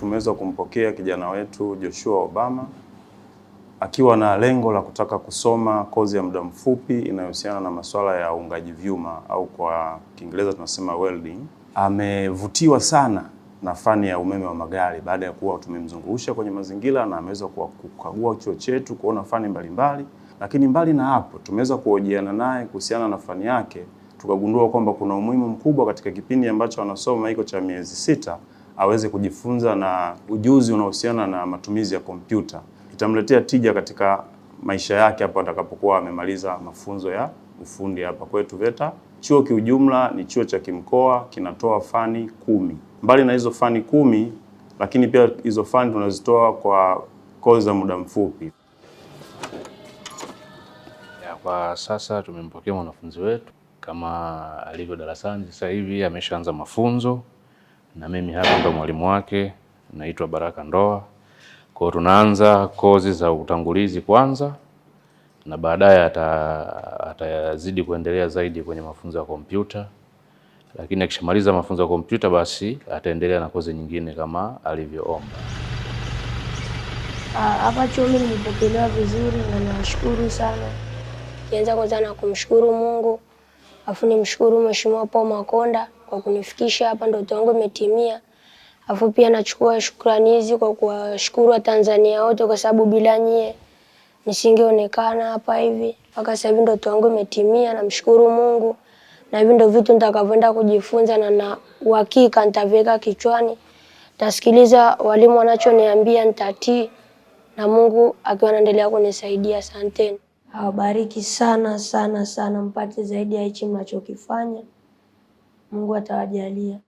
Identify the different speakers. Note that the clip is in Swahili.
Speaker 1: tumeweza kumpokea kijana wetu Joshua Obama akiwa na lengo la kutaka kusoma kozi ya muda mfupi inayohusiana na masuala ya uungaji vyuma au kwa Kiingereza tunasema welding. Amevutiwa sana na fani ya umeme wa magari baada ya kuwa tumemzungusha kwenye mazingira na ameweza kukagua chuo chetu kuona fani mbalimbali mbali. Lakini mbali na hapo tumeweza kuhojiana naye kuhusiana na fani yake, tukagundua kwamba kuna umuhimu mkubwa katika kipindi ambacho anasoma iko cha miezi sita aweze kujifunza na ujuzi unaohusiana na matumizi ya kompyuta. Itamletea tija katika maisha yake hapo atakapokuwa amemaliza mafunzo ya ufundi hapa kwetu VETA. Chuo kiujumla ni chuo cha kimkoa, kinatoa fani kumi. Mbali na hizo fani kumi, lakini pia hizo fani tunazitoa kwa kozi za muda mfupi.
Speaker 2: Ya, kwa sasa tumempokea mwanafunzi wetu kama alivyo darasani, sasa hivi ameshaanza mafunzo na mimi hapa ndo mwalimu wake, naitwa Baraka Ndoa. Kwa hiyo tunaanza kozi za utangulizi kwanza, na baadaye atazidi kuendelea zaidi kwenye mafunzo ya kompyuta, lakini akishamaliza mafunzo ya kompyuta, basi ataendelea na kozi nyingine kama alivyoomba.
Speaker 3: Ah, hapa chuoni nimepokelewa vizuri na nashukuru sana. Nianza kwanza na kumshukuru Mungu, afu nimshukuru Mheshimiwa Paul Makonda kwa kunifikisha hapa, ndoto yangu imetimia. Afu pia nachukua shukrani hizi kwa kuwashukuru Watanzania wote, kwa sababu bila nyie nisingeonekana hapa hivi. Mpaka sasa hivi ndoto yangu imetimia, namshukuru Mungu, na hivi ndio vitu nitakavyoenda kujifunza, na na uhakika nitaviweka kichwani, nitasikiliza walimu wanachoniambia, nitatii, na Mungu akiwa anaendelea kunisaidia. Asanteni,
Speaker 4: awabariki sana sana sana, mpate zaidi ya hichi mnachokifanya. Mungu atawajalia.